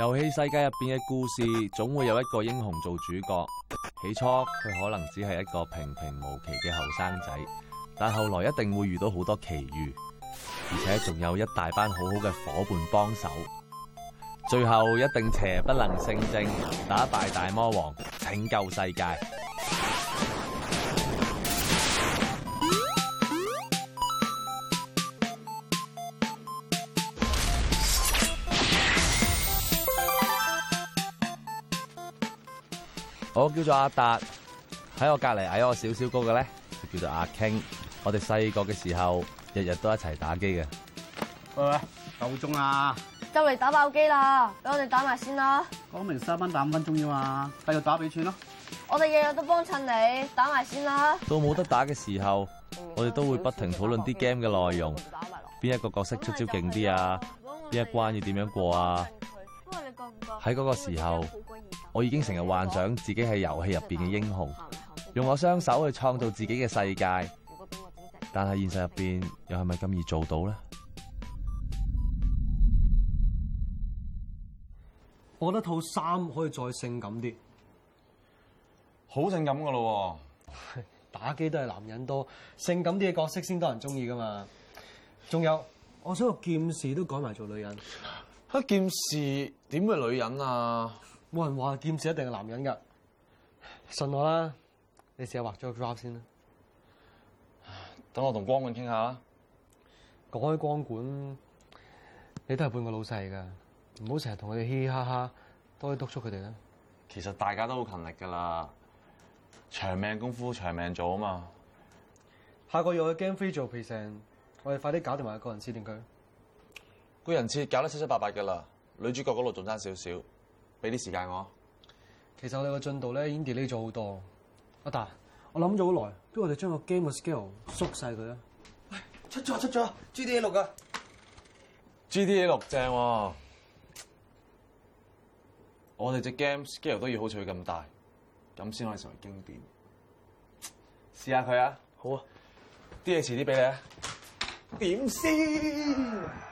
遊戲世界入邊嘅故事，總會有一個英雄做主角。起初佢可能只係一個平平無奇嘅後生仔，但後來一定會遇到好多奇遇，而且仲有一大班好好嘅伙伴幫手。最後一定邪不能勝正，打敗大魔王，拯救世界。我叫做阿達，喺我隔籬矮我少少高嘅咧，就叫做阿 King。我哋細個嘅時候，日日都一齊打機嘅。喂，夠鐘啦！就嚟打爆機啦，俾我哋打埋先啦。講明三蚊打五分鐘啫嘛，繼續打幾串咯。我哋日日都幫襯你，打埋先啦。到冇得打嘅時候，我哋都會不停討論啲 game 嘅內容，邊一個角色出招勁啲啊？邊一關要點樣過啊？不過你覺唔覺？喺嗰個時候。我已經成日幻想自己係遊戲入邊嘅英雄，用我雙手去創造自己嘅世界。但係現實入邊又係咪咁易做到咧？我覺得套衫可以再性感啲，好 性感噶咯！ 打機都係男人多，性感啲嘅角色先多人中意噶嘛。仲有，我想個劍士都改埋做女人。哈，劍 士點會女人啊？冇人話劍士一定係男人㗎，信我啦。你試下畫咗個 job 先啦。等我同光管傾下啦。講開光管，你都係半個老細㗎，唔好成日同佢哋嘻嘻哈哈，多啲督促佢哋啦。其實大家都好勤力㗎啦，長命功夫長命做啊嘛。下個月去 game free 做 present，我哋快啲搞掂埋個人設定佢。個人設搞得七七八八㗎啦，女主角嗰度仲爭少少。俾啲時間我。其實我哋個進度咧已經 delay 咗好多。阿達，我諗咗好耐，不如我哋將個 game 嘅 scale 縮細佢啦。喂、哎，出咗出咗，GTA 六㗎。GTA 六正喎、啊。我哋隻 game scale 都要好似佢咁大，咁先可以成為經典。試下佢啊。好啊，啲嘢遲啲俾你。點先？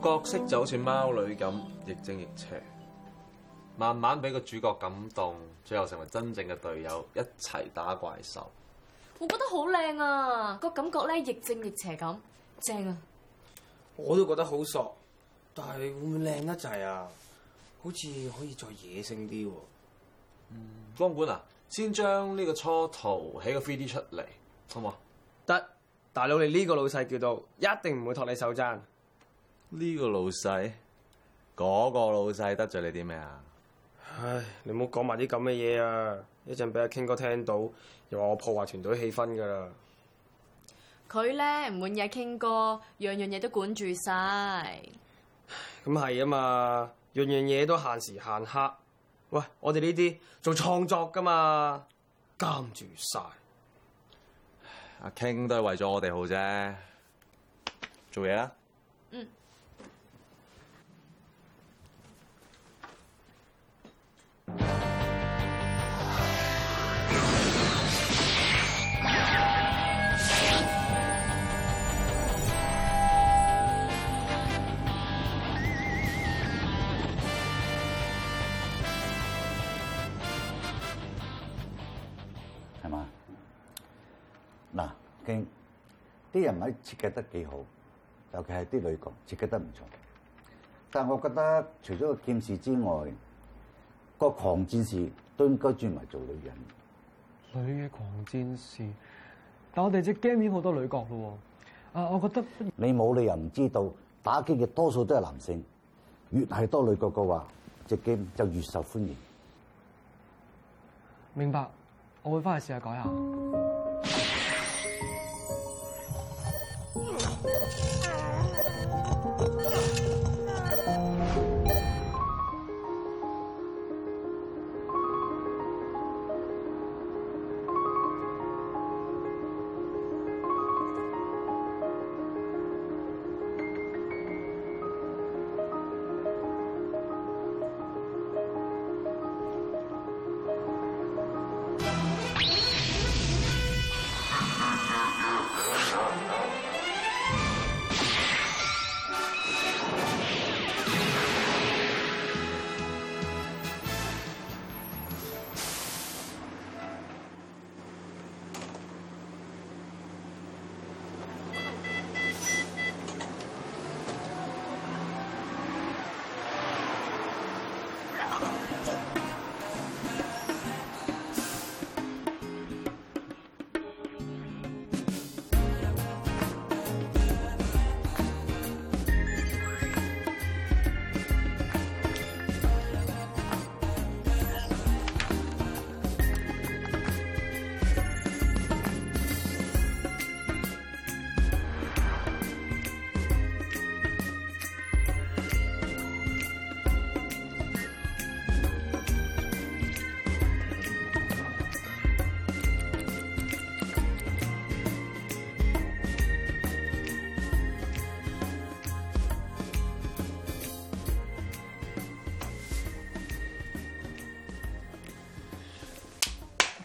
角色就好似貓女咁，亦正亦邪，慢慢俾個主角感動，最後成為真正嘅隊友，一齊打怪獸。我覺得好靚啊，個感覺咧亦正亦邪咁，正啊！我都覺得好索，但係會唔會靚得滯啊？好似可以再野性啲，啊。嗯、光管啊，先將呢個初圖起個 3D 出嚟，好唔好？得，大佬你呢個老細叫到，一定唔會托你手踭。呢個老細，嗰個老細得罪你啲咩啊？唉，你唔好講埋啲咁嘅嘢啊！一陣俾阿傾哥聽到，又話我破壞團隊氣氛噶啦。佢咧唔滿意阿傾哥樣樣嘢都管住晒。咁係啊嘛，樣樣嘢都限時限刻。喂，我哋呢啲做創作噶嘛，監住晒。阿傾都係為咗我哋好啫，做嘢啦。啲人喺設計得幾好，尤其係啲女角設計得唔錯。但係我覺得除咗個劍士之外，個狂戰士都應該轉埋做女人。女嘅狂戰士，但我哋隻 game 已經好多女角咯喎。啊，我覺得你冇理由唔知道打機嘅多數都係男性，越係多女角嘅話，隻 game 就越受歡迎。明白，我會翻去試下改下。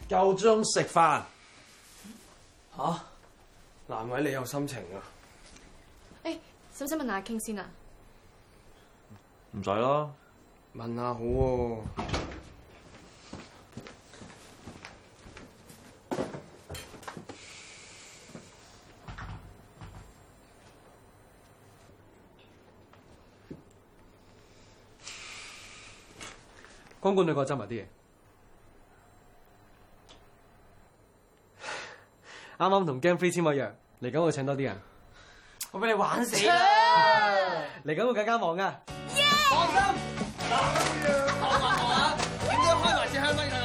夠鐘食飯，吓？難為你有心情啊！哎、欸，使唔使問下傾先啊？唔使啦，問下好喎。光管女，快執埋啲嘢。啱啱同 GameFree 籤埋約，嚟緊會請多啲人，我俾你玩死了，嚟緊會更加忙噶，Yeah! 放心，放心，好啊好啊，點解 開埋支香威？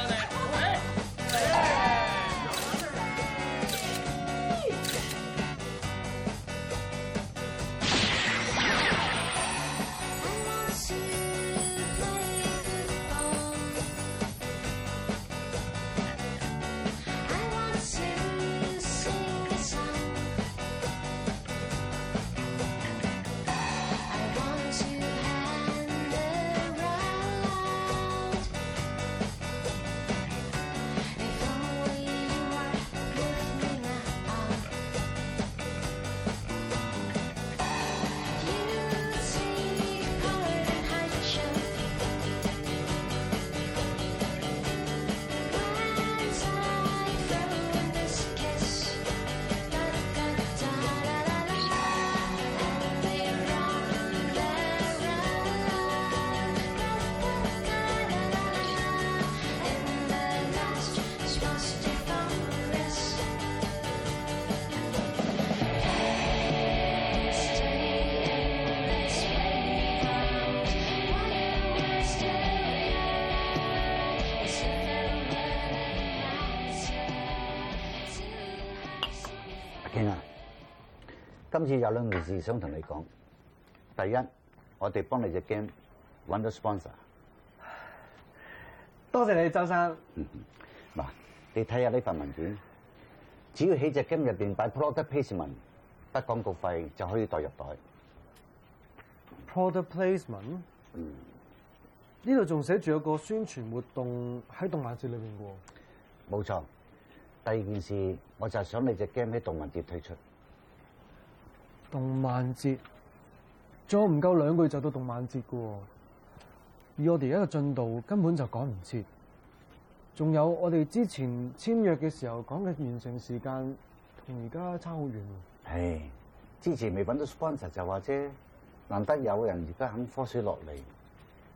勁啊！今次有兩件事想同你講。第一，我哋幫你隻 game 揾到 sponsor。多謝你，周生。嗱，你睇下呢份文件，只要喺隻 game 入邊擺 product placement 得廣告費，就可以代入袋。Product placement？嗯。呢度仲寫住有個宣傳活動喺動漫節裏邊嘅。冇錯。第二件事，我就係想你隻 game 喺動漫節推出。動漫節，仲唔夠兩個月就到動漫節嘅喎。而我哋而家嘅進度根本就趕唔切，仲有我哋之前簽約嘅時候講嘅完成時間，同而家差好遠。唉，之前未揾到 sponsor 就話啫，難得有人而家肯科水落嚟。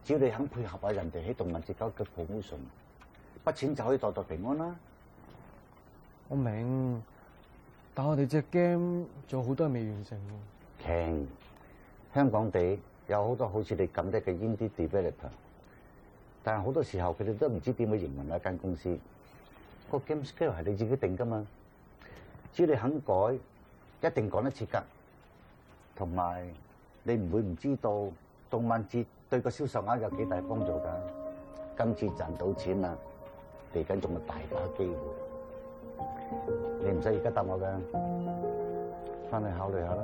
只要你肯配合啊，人哋喺動漫節搞個 promotion，筆錢就可以代代平安啦。我明，但我哋隻 game 仲有好多未完成喎。傾香港地有好多好似你咁叻嘅 indie developer，但係好多時候佢哋都唔知點去營運一間公司。個 game scale 係你自己定㗎嘛？只要你肯改，一定趕得切㗎。同埋你唔會唔知道動漫節對個銷售額有幾大幫助㗎。今次賺到錢啦，嚟緊仲有大把機會。你唔使而家答我嘅，翻去考慮下啦。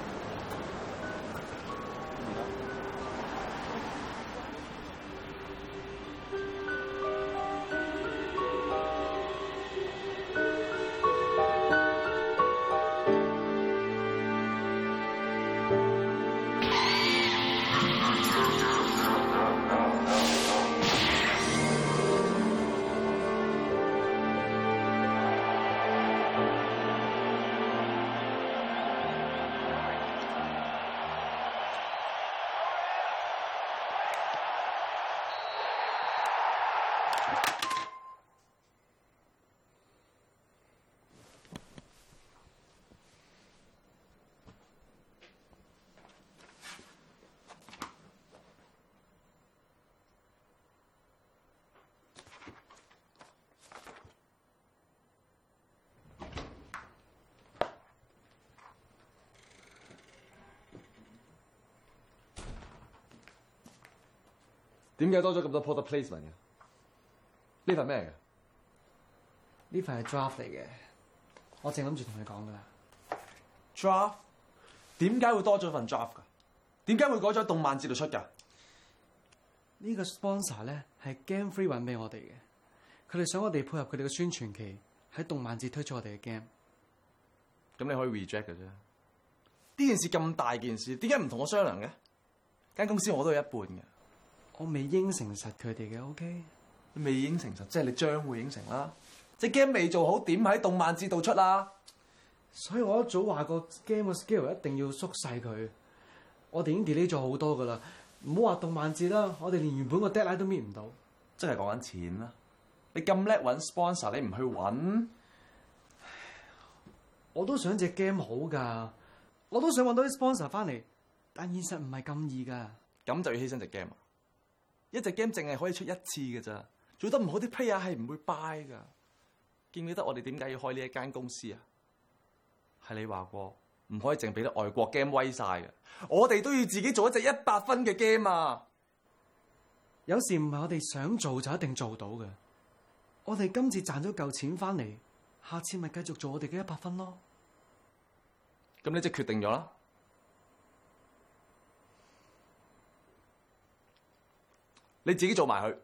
點解多咗咁多 poster placement 嘅？呢份咩嚟嘅？呢份係 draft 嚟嘅，我正諗住同你講噶啦。draft？點解會多咗份 draft 噶？點解會改咗動漫節度出噶？個呢個 sponsor 咧係 game free 搵俾我哋嘅，佢哋想我哋配合佢哋嘅宣傳期喺動漫節推出我哋嘅 game。咁你可以 reject 嘅啫。呢件事咁大件事，點解唔同我商量嘅？間公司我都有一半嘅。我未應承實佢哋嘅，OK。未應承實即係你將會應承啦。隻 game 未做好，點喺動漫節度出啊？所以我一早話個 game 嘅 scale 一定要縮細佢。我哋已經 delay 咗好多噶啦，唔好話動漫節啦，我哋連原本個 deadline 都搣唔到。即係講緊錢啦，你咁叻搵 sponsor，你唔去搵？我都想隻 game 好噶，我都想搵到啲 sponsor 翻嚟，但現實唔係咁易噶。咁就要犧牲隻 game。一隻 game 淨係可以出一次嘅咋，做得唔好啲 player 係唔會 buy 噶。記唔記得我哋點解要開呢一間公司啊？係你話過唔可以淨俾啲外國 game 威晒嘅，我哋都要自己做一隻一百分嘅 game 啊！有時唔係我哋想做就一定做到嘅。我哋今次賺咗嚿錢翻嚟，下次咪繼續做我哋嘅一百分咯。咁你即係決定咗啦。你自己做埋去。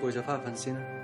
攰咗，返去瞓先啦。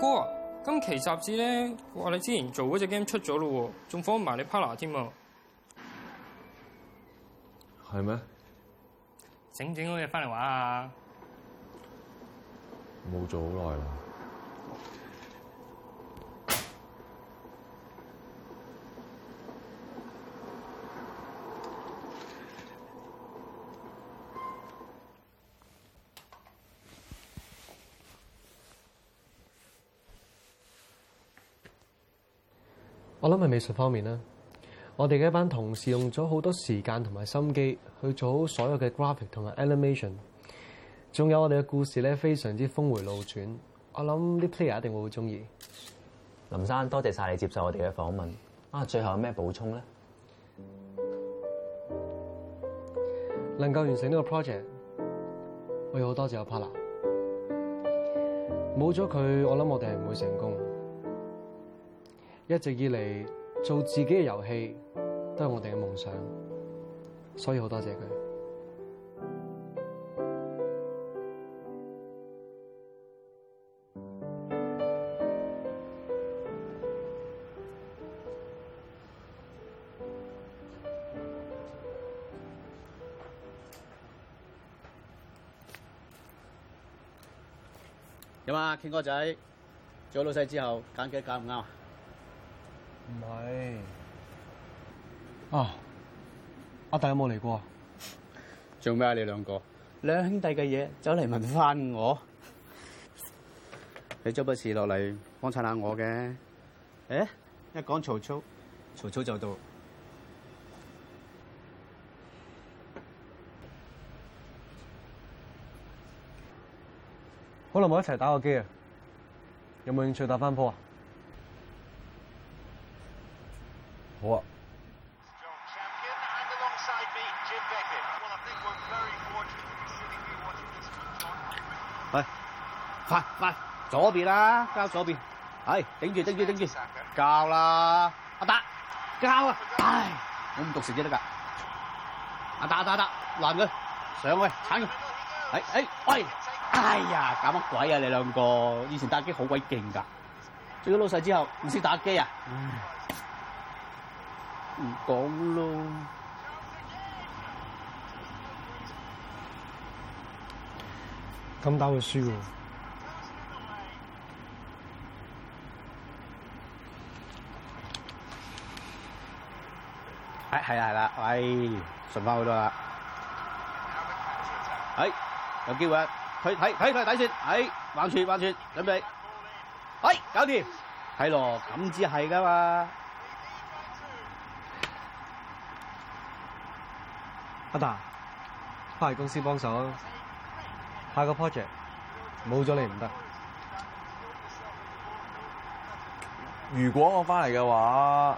哥，今期雜誌咧話你之前做嗰隻 game 出咗咯喎，仲放埋你 partner 添啊？係咩嗎？整唔整到嘢翻嚟玩啊？冇做好耐啦。我諗係美術方面啦，我哋嘅一班同事用咗好多時間同埋心機，去做好所有嘅 graphic 同埋 animation，仲有我哋嘅故事咧，非常之峰回路轉。我諗啲 player 一定會好中意。林生，多謝晒你接受我哋嘅訪問。啊，最後有咩補充咧？能夠完成呢個 project，我有好多謝阿 partner，冇咗佢，我諗我哋係唔會成功。一直以嚟做自己嘅遊戲都係我哋嘅夢想，所以好多謝佢。有冇啊，健哥仔做咗老細之後揀嘅揀唔啱？啊，阿弟有冇嚟過？做咩啊？你兩個兩兄弟嘅嘢，走嚟問翻我。 你周不時落嚟幫襯下我嘅。誒、 欸，一講曹操，曹操就到。好耐冇一齊打過機啊！有冇興趣打翻鋪啊？好啊！快快左邊啦，交左邊，係頂住頂住頂住，交啦，阿達交啊，哎，我唔讀成只得噶，阿達達達攔佢上去鏟佢，哎哎喂，哎呀搞乜鬼啊，你兩個以前打機好鬼勁噶，做咗老細之後唔識打機啊，唔講咯，咁打會輸。哎，係啦係啦，哎，順翻好多啦，哎！哎，有機會，佢睇睇佢底線，哎，橫住橫住，準備，哎，搞掂，睇落咁至係噶嘛？啊、阿達，翻嚟公司幫手，下個 project 冇咗你唔得。如果我翻嚟嘅話，嗯、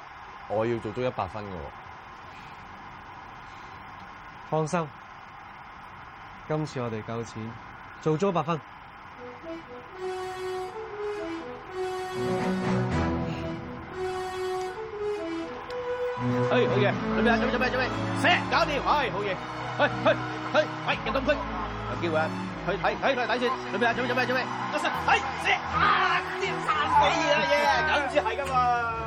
我要做足一百分嘅。放心，今次我哋夠錢，做咗一百分。哎，好嘢，準備啊，準備，準備，準備，射，搞掂，係，好嘢，去去去，係，人工區，有機會啊，去，睇，睇，睇，睇先，準備啊，準備，準備，準備，我信，係，射，啲生死嘢啊，耶，等住係噶嘛。